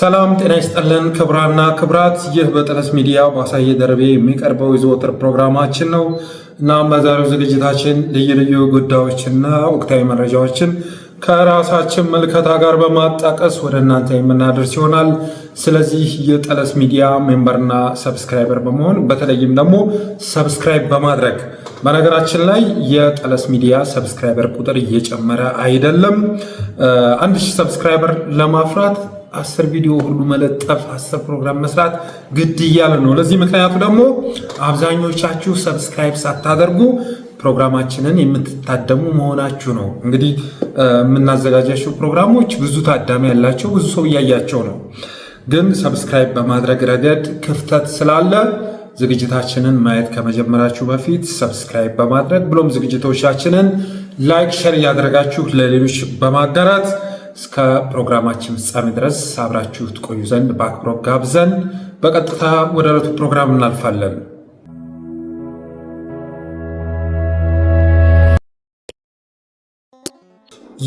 ሰላም ጤና ይስጠልን ክብራና ክብራት፣ ይህ በጠለስ ሚዲያ በአሳየ ደርቤ የሚቀርበው የዘወትር ፕሮግራማችን ነው። እናም በዛሬው ዝግጅታችን ልዩ ልዩ ጉዳዮችና ወቅታዊ መረጃዎችን ከራሳችን ምልከታ ጋር በማጣቀስ ወደ እናንተ የምናደርስ ይሆናል። ስለዚህ የጠለስ ሚዲያ ሜምበርና ሰብስክራይበር በመሆን በተለይም ደግሞ ሰብስክራይብ በማድረግ በነገራችን ላይ የጠለስ ሚዲያ ሰብስክራይበር ቁጥር እየጨመረ አይደለም። አንድ ሺህ ሰብስክራይበር ለማፍራት አስር ቪዲዮ ሁሉ መለጠፍ፣ አስር ፕሮግራም መስራት ግድ እያለ ነው። ለዚህ ምክንያቱ ደግሞ አብዛኞቻችሁ ሰብስክራይብ ሳታደርጉ ፕሮግራማችንን የምትታደሙ መሆናችሁ ነው። እንግዲህ የምናዘጋጃቸው ፕሮግራሞች ብዙ ታዳሚ ያላቸው ብዙ ሰው እያያቸው ነው። ግን ሰብስክራይብ በማድረግ ረገድ ክፍተት ስላለ ዝግጅታችንን ማየት ከመጀመራችሁ በፊት ሰብስክራይብ በማድረግ ብሎም ዝግጅቶቻችንን ላይክ፣ ሸር እያደረጋችሁ ለሌሎች በማጋራት እስከ ፕሮግራማችን ፍጻሜ ድረስ አብራችሁ ትቆዩ ዘንድ በአክብሮት ጋብዘን በቀጥታ ወደ ዕለቱ ፕሮግራም እናልፋለን።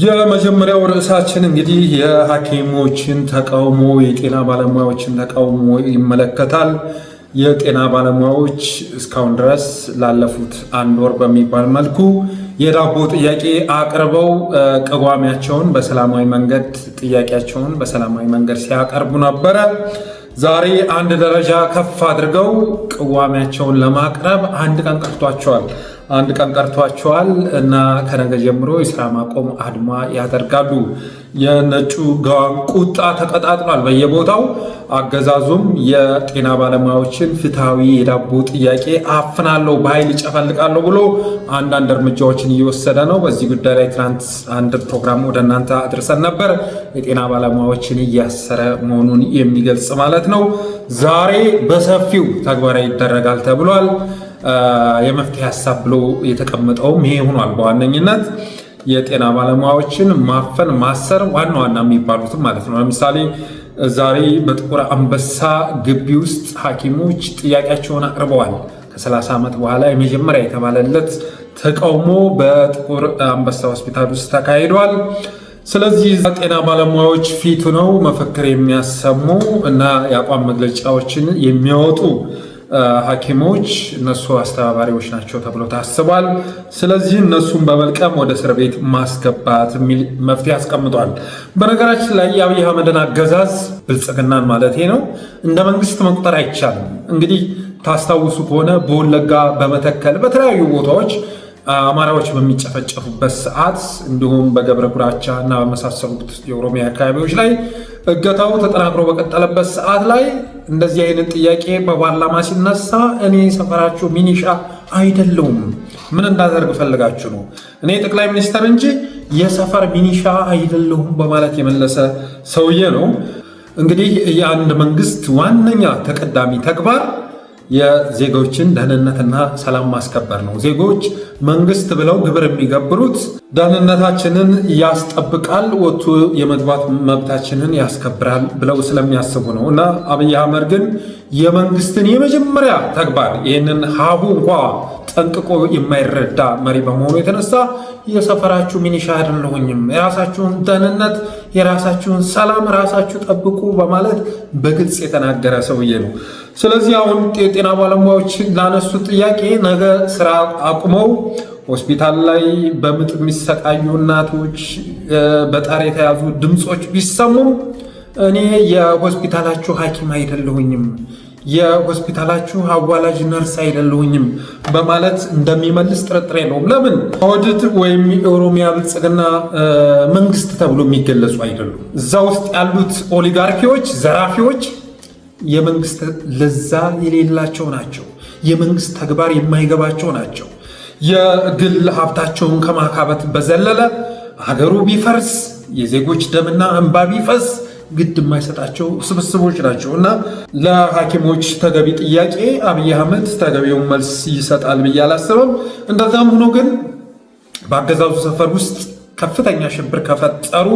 የመጀመሪያው ርዕሳችን እንግዲህ የሐኪሞችን ተቃውሞ፣ የጤና ባለሙያዎችን ተቃውሞ ይመለከታል። የጤና ባለሙያዎች እስካሁን ድረስ ላለፉት አንድ ወር በሚባል መልኩ የዳቦ ጥያቄ አቅርበው ቅዋሚያቸውን በሰላማዊ መንገድ ጥያቄያቸውን በሰላማዊ መንገድ ሲያቀርቡ ነበረ። ዛሬ አንድ ደረጃ ከፍ አድርገው ቅዋሚያቸውን ለማቅረብ አንድ ቀን ቀርቷቸዋል። አንድ ቀን ቀርቷቸዋል እና ከነገ ጀምሮ የስራ ማቆም አድማ ያደርጋሉ። የነጩ ጋር ቁጣ ተቀጣጥሏል በየቦታው። አገዛዙም የጤና ባለሙያዎችን ፍትሐዊ የዳቦ ጥያቄ አፍናለሁ፣ በኃይል ይጨፈልቃለሁ ብሎ አንዳንድ እርምጃዎችን እየወሰደ ነው። በዚህ ጉዳይ ላይ ትናንት አንድ ፕሮግራም ወደ እናንተ አድርሰን ነበር። የጤና ባለሙያዎችን እያሰረ መሆኑን የሚገልጽ ማለት ነው። ዛሬ በሰፊው ተግባራዊ ይደረጋል ተብሏል። የመፍትሄ ሀሳብ ብሎ የተቀመጠውም ይሄ ሆኗል በዋነኝነት የጤና ባለሙያዎችን ማፈን፣ ማሰር ዋና ዋና የሚባሉትም ማለት ነው። ለምሳሌ ዛሬ በጥቁር አንበሳ ግቢ ውስጥ ሐኪሞች ጥያቄያቸውን አቅርበዋል። ከ30 ዓመት በኋላ የመጀመሪያ የተባለለት ተቃውሞ በጥቁር አንበሳ ሆስፒታል ውስጥ ተካሂዷል። ስለዚህ ጤና ባለሙያዎች ፊቱ ነው መፈክር የሚያሰሙ እና የአቋም መግለጫዎችን የሚያወጡ ሐኪሞች እነሱ አስተባባሪዎች ናቸው ተብሎ ታስቧል። ስለዚህ እነሱን በመልቀም ወደ እስር ቤት ማስገባት የሚል መፍትሄ አስቀምጧል። በነገራችን ላይ የአብይ አህመድን አገዛዝ ብልጽግናን ማለት ነው እንደ መንግስት መቁጠር አይቻልም። እንግዲህ ታስታውሱ ከሆነ በወለጋ በመተከል በተለያዩ ቦታዎች አማራዎች በሚጨፈጨፉበት ሰዓት እንዲሁም በገብረ ጉራቻ እና በመሳሰሉት የኦሮሚያ አካባቢዎች ላይ እገታው ተጠናክሮ በቀጠለበት ሰዓት ላይ እንደዚህ አይነት ጥያቄ በፓርላማ ሲነሳ እኔ ሰፈራችሁ ሚኒሻ አይደለውም፣ ምን እንዳደርግ ፈልጋችሁ ነው? እኔ ጠቅላይ ሚኒስተር እንጂ የሰፈር ሚኒሻ አይደለሁም በማለት የመለሰ ሰውዬ ነው። እንግዲህ የአንድ መንግስት ዋነኛ ተቀዳሚ ተግባር የዜጎችን ደህንነትና ሰላም ማስከበር ነው። ዜጎች መንግስት ብለው ግብር የሚገብሩት ደህንነታችንን ያስጠብቃል፣ ወጥቶ የመግባት መብታችንን ያስከብራል ብለው ስለሚያስቡ ነው። እና አብይ አህመድ ግን የመንግስትን የመጀመሪያ ተግባር ይህንን ሀቡ እንኳ ጠንቅቆ የማይረዳ መሪ በመሆኑ የተነሳ የሰፈራችሁ ሚኒሻ አይደለሁኝም፣ የራሳችሁን ደህንነት፣ የራሳችሁን ሰላም ራሳችሁ ጠብቁ በማለት በግልጽ የተናገረ ሰውዬ ነው። ስለዚህ አሁን የጤና ባለሙያዎች ላነሱት ጥያቄ ነገ ስራ አቁመው ሆስፒታል ላይ በምጥ የሚሰቃዩ እናቶች በጣር የተያዙ ድምፆች ቢሰሙም እኔ የሆስፒታላችሁ ሐኪም አይደለሁኝም፣ የሆስፒታላችሁ አዋላጅ ነርስ አይደለሁኝም በማለት እንደሚመልስ ጥርጥር የለውም። ለምን ኦህዴድ ወይም የኦሮሚያ ብልጽግና መንግስት ተብሎ የሚገለጹ አይደሉም። እዛ ውስጥ ያሉት ኦሊጋርኪዎች፣ ዘራፊዎች የመንግስት ለዛ የሌላቸው ናቸው። የመንግስት ተግባር የማይገባቸው ናቸው። የግል ሀብታቸውን ከማካበት በዘለለ ሀገሩ ቢፈርስ የዜጎች ደምና እንባ ቢፈስ ግድ የማይሰጣቸው ስብስቦች ናቸው እና ለሐኪሞች ተገቢ ጥያቄ አብይ አህመድ ተገቢውን መልስ ይሰጣል ብዬ አላስብም። እንደዛም ሆኖ ግን በአገዛዙ ሰፈር ውስጥ ከፍተኛ ሽብር ከፈጠሩ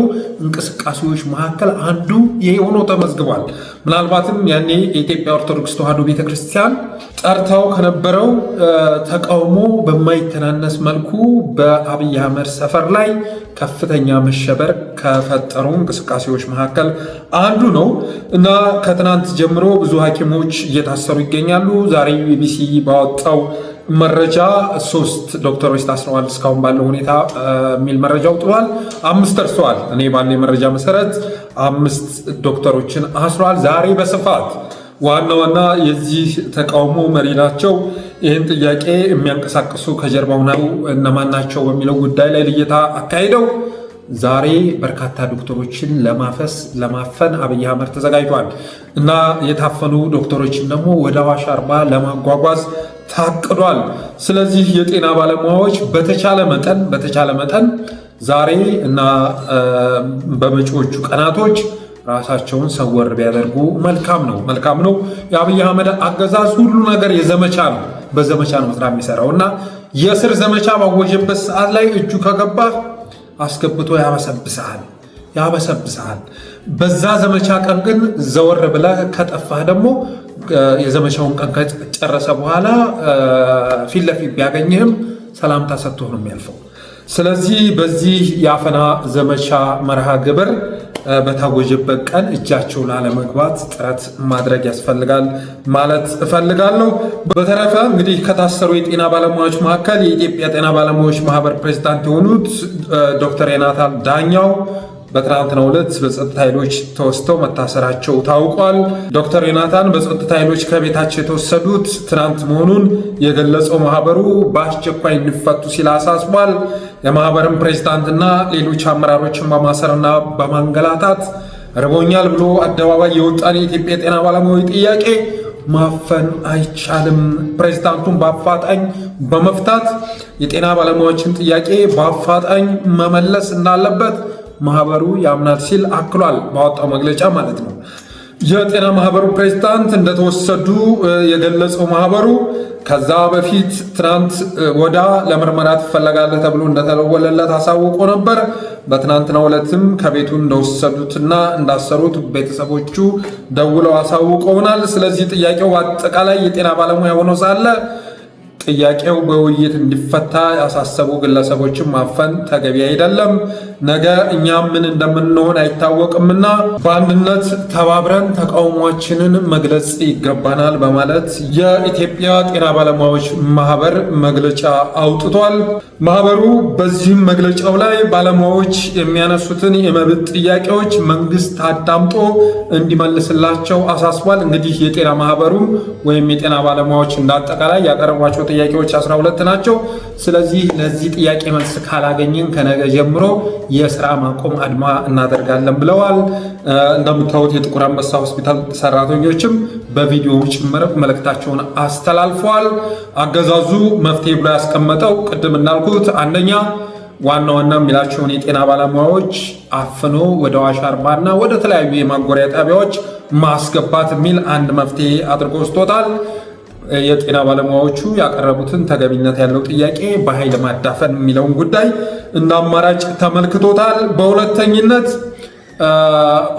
እንቅስቃሴዎች መካከል አንዱ ይሄ ሆኖ ተመዝግቧል። ምናልባትም ያኔ የኢትዮጵያ ኦርቶዶክስ ተዋሕዶ ቤተክርስቲያን ጠርታው ከነበረው ተቃውሞ በማይተናነስ መልኩ በአብይ አህመድ ሰፈር ላይ ከፍተኛ መሸበር ከፈጠሩ እንቅስቃሴዎች መካከል አንዱ ነው እና ከትናንት ጀምሮ ብዙ ሐኪሞች እየታሰሩ ይገኛሉ። ዛሬ ቢቢሲ ባወጣው መረጃ ሶስት ዶክተሮች ታስረዋል እስካሁን ባለው ሁኔታ የሚል መረጃ አውጥቷል። አምስት ደርሰዋል። እኔ ባለ መረጃ መሰረት አምስት ዶክተሮችን አስረዋል ዛሬ በስፋት ዋና ዋና የዚህ ተቃውሞ መሪ ናቸው። ይህን ጥያቄ የሚያንቀሳቅሱ ከጀርባው ነው እነማን ናቸው በሚለው ጉዳይ ላይ ልየታ አካሂደው ዛሬ በርካታ ዶክተሮችን ለማፈስ ለማፈን አብይ አህመድ ተዘጋጅቷል እና የታፈኑ ዶክተሮችን ደግሞ ወደ አዋሽ አርባ ለማጓጓዝ ታቅዷል። ስለዚህ የጤና ባለሙያዎች በተቻለ መጠን በተቻለ መጠን ዛሬ እና በመጪዎቹ ቀናቶች ራሳቸውን ሰወር ቢያደርጉ መልካም ነው መልካም ነው። የአብይ አህመድ አገዛዝ ሁሉ ነገር የዘመቻ ነው። በዘመቻ ነው ስራ የሚሰራው እና የስር ዘመቻ ባወጀበት ሰዓት ላይ እጁ ከገባ አስገብቶ ያበሰብሰሃል ያበሰብሰሃል። በዛ ዘመቻ ቀን ግን ዘወር ብለህ ከጠፋህ ደግሞ የዘመቻውን ቀን ከጨረሰ በኋላ ፊት ለፊት ቢያገኝህም ሰላምታ ሰጥቶ ነው የሚያልፈው። ስለዚህ በዚህ የአፈና ዘመቻ መርሃ ግብር በታወጀበት ቀን እጃቸው ላለመግባት ጥረት ማድረግ ያስፈልጋል ማለት እፈልጋለሁ። በተረፈ እንግዲህ ከታሰሩ የጤና ባለሙያዎች መካከል የኢትዮጵያ ጤና ባለሙያዎች ማህበር ፕሬዚዳንት የሆኑት ዶክተር ዮናታን ዳኛው በትናንትናው ዕለት በጸጥታ ኃይሎች ተወስተው መታሰራቸው ታውቋል። ዶክተር ዮናታን በጸጥታ ኃይሎች ከቤታቸው የተወሰዱት ትናንት መሆኑን የገለጸው ማህበሩ በአስቸኳይ እንዲፈቱ ሲል አሳስቧል። የማህበርን ፕሬዝዳንትና ሌሎች አመራሮችን በማሰርና በማንገላታት ርቦኛል ብሎ አደባባይ የወጣን የኢትዮጵያ የጤና ባለሙያዎች ጥያቄ ማፈን አይቻልም። ፕሬዝዳንቱን በአፋጣኝ በመፍታት የጤና ባለሙያዎችን ጥያቄ በአፋጣኝ መመለስ እንዳለበት ማህበሩ ያምናል ሲል አክሏል ባወጣው መግለጫ ማለት ነው። የጤና ማህበሩ ፕሬዝዳንት እንደተወሰዱ የገለጸው ማህበሩ ከዛ በፊት ትናንት ወዳ ለምርመራ ትፈለጋለህ ተብሎ እንደተደወለለት አሳውቆ ነበር። በትናንትናው ዕለትም ከቤቱ እንደወሰዱትና እንዳሰሩት ቤተሰቦቹ ደውለው አሳውቀውናል። ስለዚህ ጥያቄው በአጠቃላይ የጤና ባለሙያ ሆኖ ሳለ ጥያቄው በውይይት እንዲፈታ ያሳሰቡ ግለሰቦችን ማፈን ተገቢ አይደለም። ነገ እኛም ምን እንደምንሆን አይታወቅምና በአንድነት ተባብረን ተቃውሟችንን መግለጽ ይገባናል በማለት የኢትዮጵያ ጤና ባለሙያዎች ማህበር መግለጫ አውጥቷል። ማህበሩ በዚህም መግለጫው ላይ ባለሙያዎች የሚያነሱትን የመብት ጥያቄዎች መንግስት አዳምጦ እንዲመልስላቸው አሳስቧል። እንግዲህ የጤና ማህበሩም ወይም የጤና ባለሙያዎች እንዳጠቃላይ ያቀረቧቸው ጥያቄዎች 12 ናቸው። ስለዚህ ለዚህ ጥያቄ መልስ ካላገኘን ከነገ ጀምሮ የስራ ማቆም አድማ እናደርጋለን ብለዋል። እንደምታዩት የጥቁር አንበሳ ሆስፒታል ሰራተኞችም በቪዲዮ ጭምር መልእክታቸውን አስተላልፈዋል። አገዛዙ መፍትሄ ብሎ ያስቀመጠው ቅድም እንዳልኩት አንደኛ ዋና ዋና የሚላቸውን የጤና ባለሙያዎች አፍኖ ወደ ዋሻ እና ወደ ተለያዩ የማጎሪያ ጣቢያዎች ማስገባት የሚል አንድ መፍትሄ አድርጎ ስቶታል። የጤና ባለሙያዎቹ ያቀረቡትን ተገቢነት ያለው ጥያቄ በኃይል ማዳፈን የሚለውን ጉዳይ እንደ አማራጭ ተመልክቶታል። በሁለተኝነት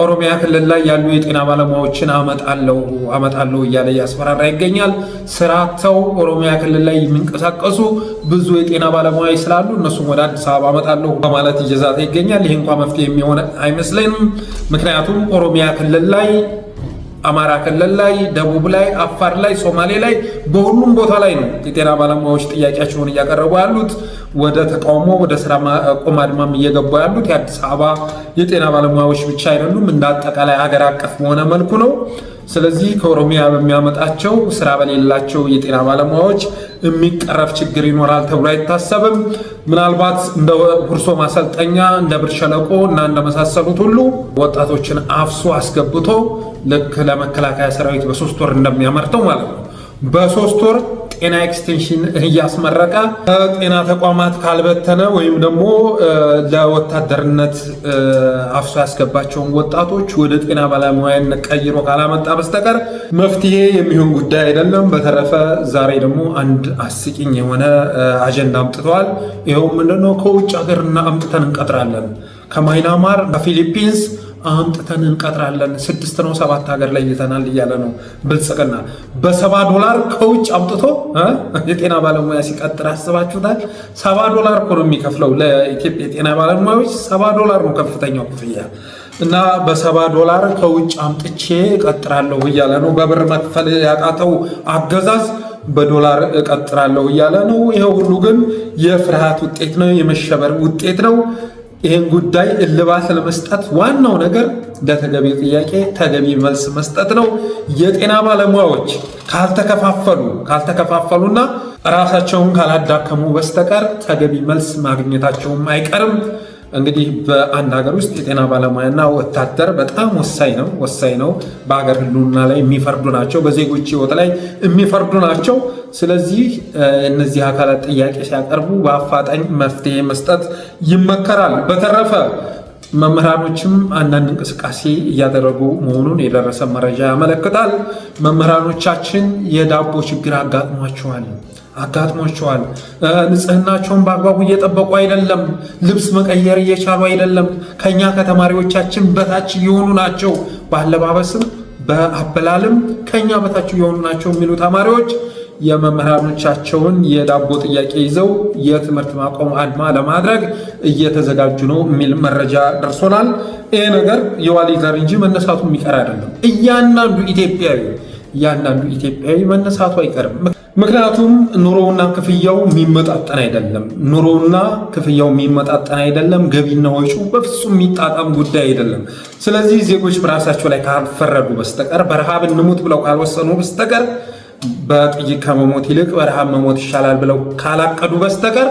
ኦሮሚያ ክልል ላይ ያሉ የጤና ባለሙያዎችን አመጣለሁ እያለ እያስፈራራ ይገኛል። ስራ አጥተው ኦሮሚያ ክልል ላይ የሚንቀሳቀሱ ብዙ የጤና ባለሙያዎች ስላሉ እነሱም ወደ አዲስ አበባ አመጣለሁ በማለት እየዛተ ይገኛል። ይህ እንኳ መፍትሄ የሚሆን አይመስለንም። ምክንያቱም ኦሮሚያ ክልል ላይ አማራ ክልል ላይ፣ ደቡብ ላይ፣ አፋር ላይ፣ ሶማሌ ላይ በሁሉም ቦታ ላይ ነው የጤና ባለሙያዎች ጥያቄያቸውን እያቀረቡ ያሉት። ወደ ተቃውሞ ወደ ስራ ማቆም አድማም እየገቡ ያሉት የአዲስ አበባ የጤና ባለሙያዎች ብቻ አይደሉም። እንደ አጠቃላይ ሀገር አቀፍ በሆነ መልኩ ነው። ስለዚህ ከኦሮሚያ በሚያመጣቸው ስራ በሌላቸው የጤና ባለሙያዎች የሚቀረፍ ችግር ይኖራል ተብሎ አይታሰብም። ምናልባት እንደ ሁርሶ ማሰልጠኛ፣ እንደ ብር ሸለቆ እና እንደመሳሰሉት ሁሉ ወጣቶችን አፍሶ አስገብቶ ልክ ለመከላከያ ሰራዊት በሶስት ወር እንደሚያመርተው ማለት ነው በሶስት ወር ጤና ኤክስቴንሽን እያስመረቀ ጤና ተቋማት ካልበተነ ወይም ደግሞ ለወታደርነት አፍሶ ያስገባቸውን ወጣቶች ወደ ጤና ባለሙያነት ቀይሮ ካላመጣ በስተቀር መፍትሄ የሚሆን ጉዳይ አይደለም። በተረፈ ዛሬ ደግሞ አንድ አስቂኝ የሆነ አጀንዳ አምጥተዋል። ይኸውም ምንድነው? ከውጭ ሀገር እና አምጥተን እንቀጥራለን ከማይናማር ከፊሊፒንስ አምጥተን እንቀጥራለን። ስድስት ነው ሰባት ሀገር ላይ ይተናል እያለ ነው ብልጽግና። በሰባ ዶላር ከውጭ አምጥቶ የጤና ባለሙያ ሲቀጥር አስባችሁታል? ሰባ ዶላር እኮ ነው የሚከፍለው ለኢትዮጵያ የጤና ባለሙያዎች ሰባ ዶላር ነው ከፍተኛው ክፍያ እና በሰባ ዶላር ከውጭ አምጥቼ እቀጥራለሁ እያለ ነው። በብር መክፈል ያቃተው አገዛዝ በዶላር እቀጥራለሁ እያለ ነው። ይሄ ሁሉ ግን የፍርሃት ውጤት ነው፣ የመሸበር ውጤት ነው። ይህን ጉዳይ እልባት ለመስጠት ዋናው ነገር ለተገቢ ጥያቄ ተገቢ መልስ መስጠት ነው። የጤና ባለሙያዎች ካልተከፋፈሉ ካልተከፋፈሉና ራሳቸውን ካላዳከሙ በስተቀር ተገቢ መልስ ማግኘታቸውም አይቀርም። እንግዲህ በአንድ ሀገር ውስጥ የጤና ባለሙያና ወታደር በጣም ወሳኝ ነው ወሳኝ ነው። በሀገር ህልና ላይ የሚፈርዱ ናቸው፣ በዜጎች ህይወት ላይ የሚፈርዱ ናቸው። ስለዚህ እነዚህ አካላት ጥያቄ ሲያቀርቡ በአፋጣኝ መፍትሄ መስጠት ይመከራል። በተረፈ መምህራኖችም አንዳንድ እንቅስቃሴ እያደረጉ መሆኑን የደረሰ መረጃ ያመለክታል። መምህራኖቻችን የዳቦ ችግር አጋጥሟቸዋል። አጋጥሟቸዋል። ንጽህናቸውን በአግባቡ እየጠበቁ አይደለም። ልብስ መቀየር እየቻሉ አይደለም። ከኛ ከተማሪዎቻችን በታች እየሆኑ ናቸው። በአለባበስም በአበላልም ከኛ በታች እየሆኑ ናቸው የሚሉ ተማሪዎች የመምህራኖቻቸውን የዳቦ ጥያቄ ይዘው የትምህርት ማቆም አድማ ለማድረግ እየተዘጋጁ ነው የሚል መረጃ ደርሶናል። ይህ ነገር የዋሊ ጋር እንጂ መነሳቱ የሚቀር አይደለም። እያንዳንዱ ኢትዮጵያዊ እያንዳንዱ ኢትዮጵያዊ መነሳቱ አይቀርም። ምክንያቱም ኑሮውና ክፍያው የሚመጣጠን አይደለም። ኑሮውና ክፍያው የሚመጣጠን አይደለም። ገቢና ወጪው በፍጹም የሚጣጣም ጉዳይ አይደለም። ስለዚህ ዜጎች በራሳቸው ላይ ካልፈረዱ በስተቀር በረሃብ እንሙት ብለው ካልወሰኑ በስተቀር በጥይት ከመሞት ይልቅ በረሃብ መሞት ይሻላል ብለው ካላቀዱ በስተቀር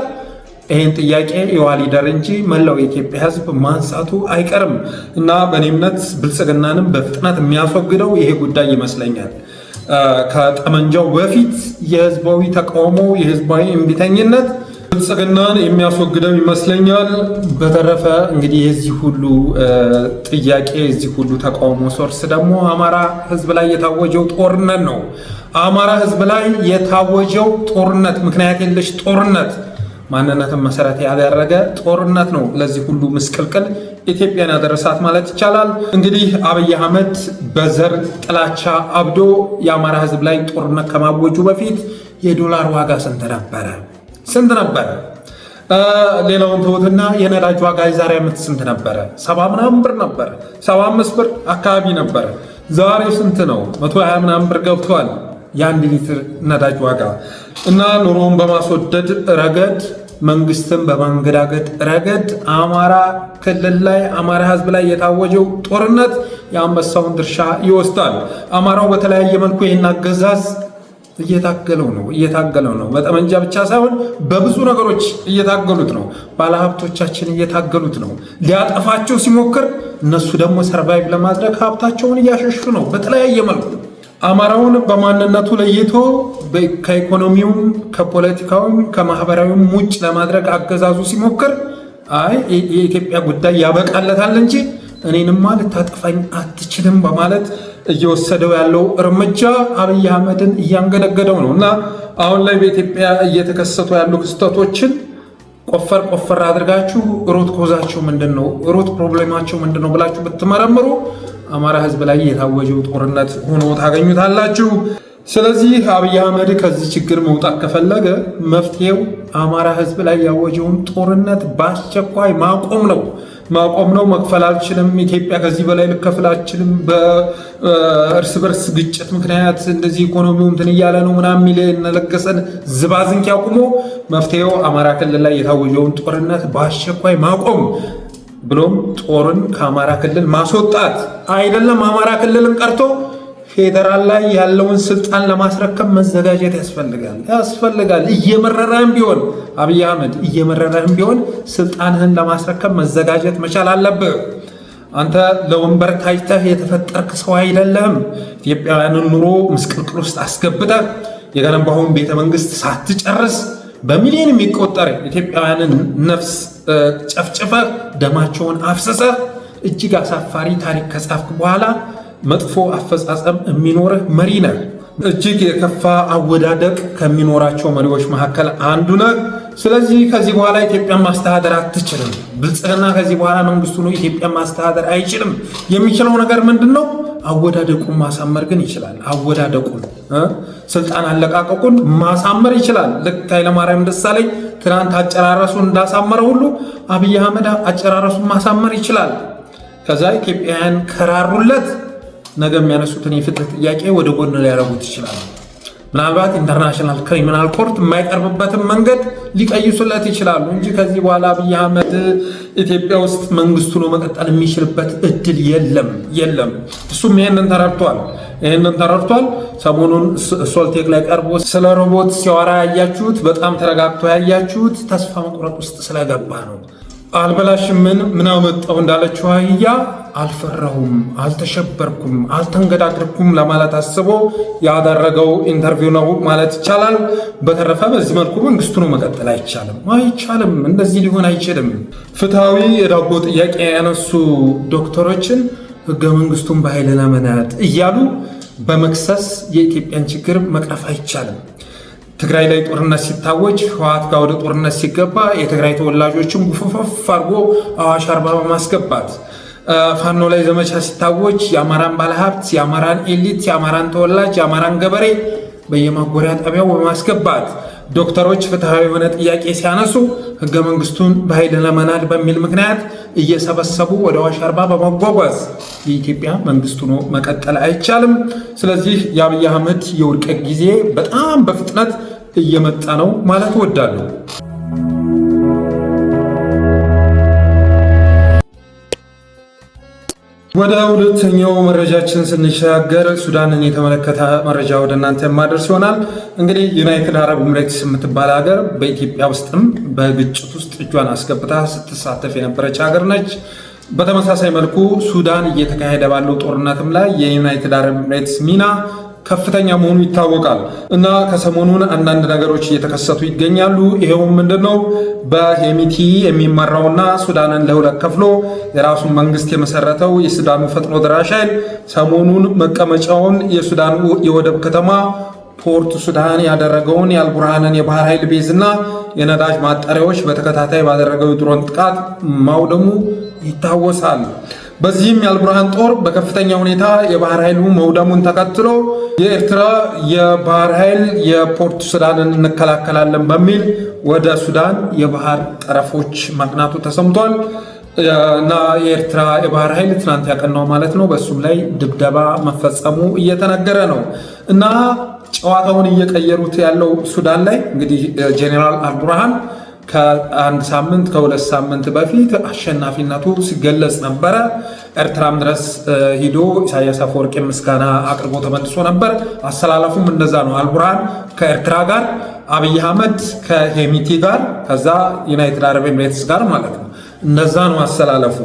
ይህን ጥያቄ የዋሊደር እንጂ መላው የኢትዮጵያ ሕዝብ ማንሳቱ አይቀርም እና በእኔ እምነት ብልጽግናንም በፍጥነት የሚያስወግደው ይሄ ጉዳይ ይመስለኛል። ከጠመንጃው በፊት የህዝባዊ ተቃውሞ፣ የህዝባዊ እምቢተኝነት ብልጽግናን የሚያስወግደው ይመስለኛል። በተረፈ እንግዲህ የዚህ ሁሉ ጥያቄ የዚህ ሁሉ ተቃውሞ ሶርስ ደግሞ አማራ ህዝብ ላይ የታወጀው ጦርነት ነው። አማራ ህዝብ ላይ የታወጀው ጦርነት ምክንያት የለሽ ጦርነት፣ ማንነትን መሰረት ያደረገ ጦርነት ነው ለዚህ ሁሉ ምስቅልቅል ኢትዮጵያን ያደረሳት ማለት ይቻላል። እንግዲህ አብይ አህመድ በዘር ጥላቻ አብዶ የአማራ ህዝብ ላይ ጦርነት ከማወጁ በፊት የዶላር ዋጋ ስንት ነበረ? ስንት ነበረ? ሌላውን ትሁትና የነዳጅ ዋጋ የዛሬ ዓመት ስንት ነበረ? ሰባ ምናምን ብር ነበረ፣ ሰባ አምስት ብር አካባቢ ነበረ። ዛሬ ስንት ነው? መቶ ሀያ ምናምን ብር ገብቷል የአንድ ሊትር ነዳጅ ዋጋ እና ኑሮውን በማስወደድ ረገድ መንግስትን በማንገዳገድ ረገድ አማራ ክልል ላይ አማራ ህዝብ ላይ የታወጀው ጦርነት የአንበሳውን ድርሻ ይወስዳል። አማራው በተለያየ መልኩ ይህን አገዛዝ እየታገለው ነው እየታገለው ነው። በጠመንጃ ብቻ ሳይሆን በብዙ ነገሮች እየታገሉት ነው። ባለሀብቶቻችን እየታገሉት ነው። ሊያጠፋቸው ሲሞክር እነሱ ደግሞ ሰርቫይቭ ለማድረግ ሀብታቸውን እያሸሹ ነው በተለያየ መልኩ አማራውን በማንነቱ ለይቶ ከኢኮኖሚውም ከፖለቲካውም ከማህበራዊም ውጭ ለማድረግ አገዛዙ ሲሞክር አይ የኢትዮጵያ ጉዳይ ያበቃለታል እንጂ እኔንማ ልታጠፋኝ አትችልም በማለት እየወሰደው ያለው እርምጃ አብይ አህመድን እያንገደገደው ነው እና አሁን ላይ በኢትዮጵያ እየተከሰቱ ያሉ ክስተቶችን ቆፈር ቆፈር አድርጋችሁ ሩት ኮዛችሁ ምንድን ነው፣ ሩት ፕሮብሌማቸው ምንድን ነው ብላችሁ ብትመረምሩ አማራ ህዝብ ላይ የታወጀው ጦርነት ሆኖ ታገኙታላችሁ። ስለዚህ አብይ አህመድ ከዚህ ችግር መውጣት ከፈለገ መፍትሄው አማራ ህዝብ ላይ ያወጀውን ጦርነት በአስቸኳይ ማቆም ነው። ማቆም ነው። መክፈል አልችልም። ኢትዮጵያ ከዚህ በላይ ልከፍል አልችልም። በእርስ በርስ ግጭት ምክንያት እንደዚህ ኢኮኖሚው እንትን እያለ ነው ምናምን የሚል የነለገሰን ዝባዝንኪ አቁሞ መፍትሄው አማራ ክልል ላይ የታወጀውን ጦርነት በአስቸኳይ ማቆም ብሎም ጦርን ከአማራ ክልል ማስወጣት አይደለም አማራ ክልልን ቀርቶ ፌዴራል ላይ ያለውን ስልጣን ለማስረከብ መዘጋጀት ያስፈልጋል ያስፈልጋል። እየመረረህም ቢሆን አብይ አህመድ እየመረረህም ቢሆን ስልጣንህን ለማስረከብ መዘጋጀት መቻል አለብህ። አንተ ለወንበር ታጭተህ የተፈጠርክ ሰው አይደለህም። ኢትዮጵያውያንን ኑሮ ምስቅልቅል ውስጥ አስገብተህ የገነባውን ቤተ መንግስት ሳትጨርስ በሚሊዮን የሚቆጠር ኢትዮጵያውያንን ነፍስ ጨፍጭፈህ ደማቸውን አፍስሰህ እጅግ አሳፋሪ ታሪክ ከጻፍክ በኋላ መጥፎ አፈጻጸም የሚኖርህ መሪ ነህ። እጅግ የከፋ አወዳደቅ ከሚኖራቸው መሪዎች መካከል አንዱ ነህ። ስለዚህ ከዚህ በኋላ ኢትዮጵያን ማስተዳደር አትችልም። ብልጽግና ከዚህ በኋላ መንግስቱ ነው ኢትዮጵያን ማስተዳደር አይችልም። የሚችለው ነገር ምንድን ነው? አወዳደቁን ማሳመር ግን ይችላል። አወዳደቁን ስልጣን አለቃቀቁን ማሳመር ይችላል። ልክ ኃይለማርያም ደሳለኝ ትናንት አጨራረሱን እንዳሳመረ ሁሉ አብይ አህመድ አጨራረሱን ማሳመር ይችላል። ከዛ ኢትዮጵያውያን ከራሩለት። ነገ የሚያነሱትን የፍትህ ጥያቄ ወደ ጎን ሊያደርጉት ይችላሉ። ምናልባት ኢንተርናሽናል ክሪሚናል ኮርት የማይቀርብበትን መንገድ ሊቀይሱለት ይችላሉ እንጂ ከዚህ በኋላ አብይ አህመድ ኢትዮጵያ ውስጥ መንግስቱ ነው መቀጠል የሚችልበት እድል የለም የለም። እሱም ይህንን ተረድቷል ይህንን ተረድቷል። ሰሞኑን ሶልቴክ ላይ ቀርቦ ስለ ሮቦት ሲያወራ ያያችሁት፣ በጣም ተረጋግቶ ያያችሁት ተስፋ መቁረጥ ውስጥ ስለገባ ነው። አልበላሽምን ምን አመጣው እንዳለችው አህያ አልፈራሁም፣ አልተሸበርኩም፣ አልተንገዳግርኩም ለማለት አስቦ ያደረገው ኢንተርቪው ነው ማለት ይቻላል። በተረፈ በዚህ መልኩ መንግስቱ ነው መቀጠል አይቻልም፣ አይቻልም፣ እንደዚህ ሊሆን አይችልም። ፍትሐዊ የዳቦ ጥያቄ ያነሱ ዶክተሮችን ህገ መንግስቱን በኃይል ለመናድ እያሉ በመክሰስ የኢትዮጵያን ችግር መቅረፍ አይቻልም። ትግራይ ላይ ጦርነት ሲታወጅ ህወሓት ጋር ወደ ጦርነት ሲገባ የትግራይ ተወላጆችን ጉፍፍፍ አድርጎ አዋሽ አርባ በማስገባት ፋኖ ላይ ዘመቻ ሲታወጅ የአማራን ባለሀብት፣ የአማራን ኤሊት፣ የአማራን ተወላጅ፣ የአማራን ገበሬ በየማጎሪያ ጣቢያው በማስገባት ዶክተሮች ፍትሐዊ የሆነ ጥያቄ ሲያነሱ ህገ መንግስቱን በኃይል ለመናድ በሚል ምክንያት እየሰበሰቡ ወደ ዋሽ አርባ በመጓጓዝ የኢትዮጵያ መንግስት ሆኖ መቀጠል አይቻልም። ስለዚህ የአብይ አህመድ የውድቀት ጊዜ በጣም በፍጥነት እየመጣ ነው ማለት እወዳለሁ። ወደ ሁለተኛው መረጃችን ስንሻገር ሱዳንን የተመለከተ መረጃ ወደ እናንተ የማደርስ ይሆናል። እንግዲህ ዩናይትድ አረብ ኤምሬትስ የምትባል ሀገር በኢትዮጵያ ውስጥም በግጭት ውስጥ እጇን አስገብታ ስትሳተፍ የነበረች ሀገር ነች። በተመሳሳይ መልኩ ሱዳን እየተካሄደ ባለው ጦርነትም ላይ የዩናይትድ አረብ ኤምሬትስ ሚና ከፍተኛ መሆኑ ይታወቃል እና ከሰሞኑን አንዳንድ ነገሮች እየተከሰቱ ይገኛሉ። ይሄውም ምንድን ነው? በሄሚቲ የሚመራውና ሱዳንን ለሁለት ከፍሎ የራሱን መንግስት የመሰረተው የሱዳኑ ፈጥኖ ደራሽ ኃይል ሰሞኑን መቀመጫውን የሱዳን የወደብ ከተማ ፖርት ሱዳን ያደረገውን የአልቡርሃንን የባህር ኃይል ቤዝና የነዳጅ ማጣሪያዎች በተከታታይ ባደረገው የድሮን ጥቃት ማውደሙ ይታወሳል። በዚህም የአልቡርሃን ጦር በከፍተኛ ሁኔታ የባህር ኃይሉ መውደሙን ተከትሎ የኤርትራ የባህር ኃይል የፖርቱ ሱዳንን እንከላከላለን በሚል ወደ ሱዳን የባህር ጠረፎች ማቅናቱ ተሰምቷል እና የኤርትራ የባህር ኃይል ትናንት ያቀናው ማለት ነው። በእሱም ላይ ድብደባ መፈጸሙ እየተነገረ ነው እና ጨዋታውን እየቀየሩት ያለው ሱዳን ላይ እንግዲህ ጄኔራል አልቡርሃን ከአንድ ሳምንት ከሁለት ሳምንት በፊት አሸናፊነቱ ሲገለጽ ነበረ። ኤርትራም ድረስ ሂዶ ኢሳያስ አፈወርቂ ምስጋና አቅርቦ ተመልሶ ነበር። አሰላለፉም እንደዛ ነው። አልቡርሃን ከኤርትራ ጋር፣ አብይ አህመድ ከሄሚቲ ጋር፣ ከዛ ዩናይትድ አረብ ኤምሬትስ ጋር ማለት ነው። እንደዛ ነው አሰላለፉ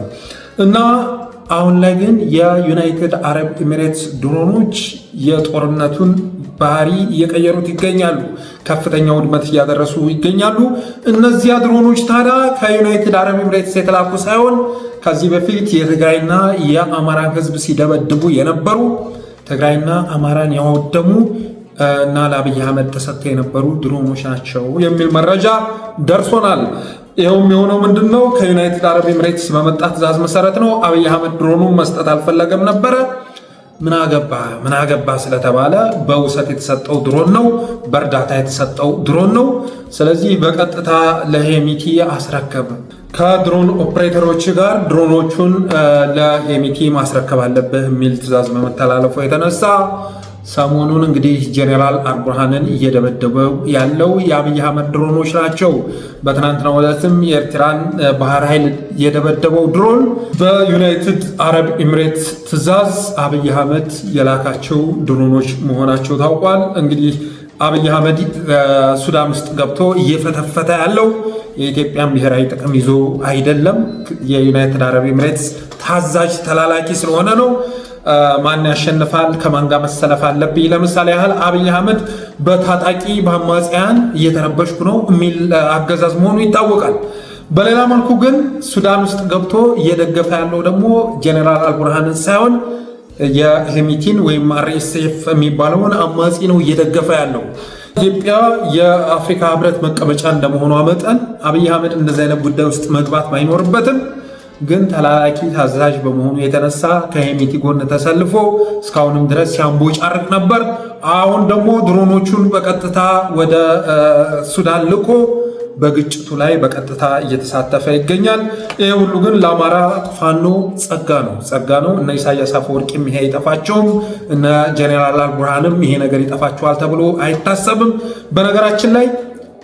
እና አሁን ላይ ግን የዩናይትድ አረብ ኤሚሬትስ ድሮኖች የጦርነቱን ባህሪ እየቀየሩት ይገኛሉ። ከፍተኛ ውድመት እያደረሱ ይገኛሉ። እነዚያ ድሮኖች ታዲያ ከዩናይትድ አረብ ኤሚሬትስ የተላኩ ሳይሆን ከዚህ በፊት የትግራይና የአማራን ሕዝብ ሲደበድቡ የነበሩ ትግራይና አማራን ያወደሙ እና ለአብይ አህመድ ተሰጥተው የነበሩ ድሮኖች ናቸው የሚል መረጃ ደርሶናል። ይኸውም የሆነው ምንድን ነው? ከዩናይትድ አረብ ኤምሬትስ በመጣ ትእዛዝ መሰረት ነው። አብይ አህመድ ድሮኑን መስጠት አልፈለገም ነበረ። ምን አገባ ምን አገባ ስለተባለ በውሰት የተሰጠው ድሮን ነው፣ በእርዳታ የተሰጠው ድሮን ነው። ስለዚህ በቀጥታ ለሄሚቲ አስረከበ። ከድሮን ኦፕሬተሮች ጋር ድሮኖቹን ለሄሚቲ ማስረከብ አለብህ የሚል ትእዛዝ በመተላለፉ የተነሳ ሰሞኑን እንግዲህ ጄኔራል አልቡርሃንን እየደበደበው ያለው የአብይ አህመድ ድሮኖች ናቸው። በትናንትናው ዕለትም የኤርትራን ባህር ኃይል የደበደበው ድሮን በዩናይትድ አረብ ኤሚሬት ትዕዛዝ አብይ አህመድ የላካቸው ድሮኖች መሆናቸው ታውቋል። እንግዲህ አብይ አህመድ ሱዳን ውስጥ ገብቶ እየፈተፈተ ያለው የኢትዮጵያን ብሔራዊ ጥቅም ይዞ አይደለም፣ የዩናይትድ አረብ ኤምሬትስ ታዛዥ ተላላኪ ስለሆነ ነው። ማን ያሸንፋል፣ ከማን ጋር መሰለፍ አለብኝ። ለምሳሌ ያህል አብይ አህመድ በታጣቂ በአማጽያን እየተረበሽኩ ነው የሚል አገዛዝ መሆኑ ይታወቃል። በሌላ መልኩ ግን ሱዳን ውስጥ ገብቶ እየደገፈ ያለው ደግሞ ጀኔራል አልቡርሃንን ሳይሆን የሄሚቲን ወይም አርኤስኤፍ የሚባለውን አማጺ ነው እየደገፈ ያለው። ኢትዮጵያ የአፍሪካ ህብረት መቀመጫ እንደመሆኗ መጠን አብይ አህመድ እንደዚህ አይነት ጉዳይ ውስጥ መግባት ባይኖርበትም ግን ተላላኪ ታዛዥ በመሆኑ የተነሳ ከሄሜቲ ጎን ተሰልፎ እስካሁንም ድረስ ሲያንቦጫርቅ ነበር። አሁን ደግሞ ድሮኖቹን በቀጥታ ወደ ሱዳን ልኮ በግጭቱ ላይ በቀጥታ እየተሳተፈ ይገኛል። ይህ ሁሉ ግን ለአማራ ፋኖ ጸጋ ነው፣ ጸጋ ነው። እነ ኢሳያስ አፈወርቂም ይሄ አይጠፋቸውም፣ እነ ጀኔራል አልቡርሃንም ይሄ ነገር ይጠፋቸዋል ተብሎ አይታሰብም። በነገራችን ላይ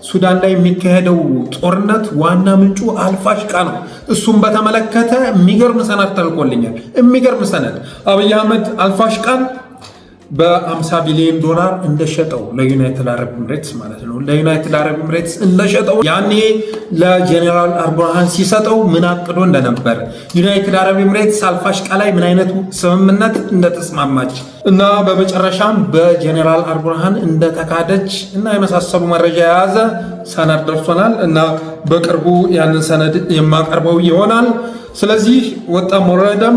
ሱዳን ላይ የሚካሄደው ጦርነት ዋና ምንጩ አልፋሽቃ ነው። እሱም በተመለከተ የሚገርም ሰነድ ተልኮልኛል። የሚገርም ሰነድ አብይ አህመድ አልፋሽቃን በ50 ቢሊዮን ዶላር እንደሸጠው ለዩናይትድ አረብ ኤምሬትስ ማለት ነው። ለዩናይትድ አረብ ኤምሬትስ እንደሸጠው ያኔ ለጀኔራል አርቡርሃን ሲሰጠው ምን አቅዶ እንደነበር ዩናይትድ አረብ ኤምሬትስ አልፋሽቃ ላይ ምን አይነቱ ስምምነት እንደተስማማች እና በመጨረሻም በጀኔራል አርቡርሃን እንደተካደች እና የመሳሰሉ መረጃ የያዘ ሰነድ ደርሶናል እና በቅርቡ ያንን ሰነድ የማቀርበው ይሆናል። ስለዚህ ወጣ ወረደም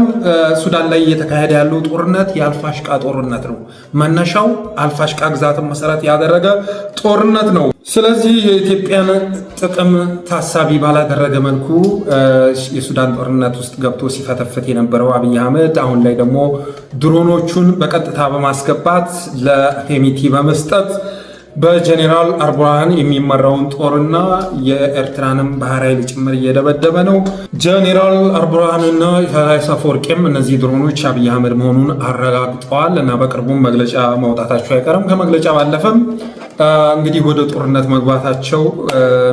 ሱዳን ላይ እየተካሄደ ያለው ጦርነት የአልፋሽቃ ጦርነት ነው። መነሻው አልፋሽቃ ግዛትን መሰረት ያደረገ ጦርነት ነው። ስለዚህ የኢትዮጵያን ጥቅም ታሳቢ ባላደረገ መልኩ የሱዳን ጦርነት ውስጥ ገብቶ ሲፈተፍት የነበረው አብይ አህመድ አሁን ላይ ደግሞ ድሮኖቹን በቀጥታ በማስገባት ለሄሚቲ በመስጠት በጀኔራል አርቡራን የሚመራውን ጦርና የኤርትራንም ባህር ኃይል ጭምር እየደበደበ ነው። ጀኔራል አርቡራንና ኢሳያስ አፈወርቂም እነዚህ ድሮኖች አብይ አህመድ መሆኑን አረጋግጠዋል እና በቅርቡም መግለጫ ማውጣታቸው አይቀርም። ከመግለጫ ባለፈም እንግዲህ ወደ ጦርነት መግባታቸው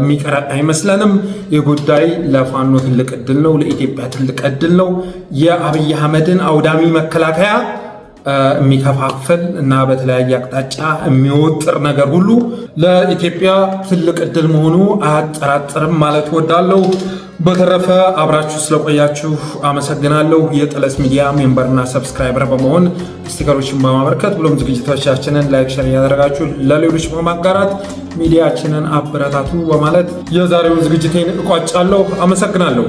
የሚቀረ አይመስለንም። ይህ ጉዳይ ለፋኖ ትልቅ እድል ነው፣ ለኢትዮጵያ ትልቅ እድል ነው። የአብይ አህመድን አውዳሚ መከላከያ የሚከፋፍል እና በተለያየ አቅጣጫ የሚወጥር ነገር ሁሉ ለኢትዮጵያ ትልቅ እድል መሆኑ አያጠራጥርም ማለት ወዳለሁ። በተረፈ አብራችሁ ስለቆያችሁ አመሰግናለሁ። የጥለስ ሚዲያ ሜምበርና ሰብስክራይበር በመሆን ስቲከሮችን በማበርከት ብሎም ዝግጅቶቻችንን ላይክ፣ ሸር እያደረጋችሁ ለሌሎች በማጋራት ሚዲያችንን አበረታቱ በማለት የዛሬውን ዝግጅቴን እቋጫለሁ። አመሰግናለሁ።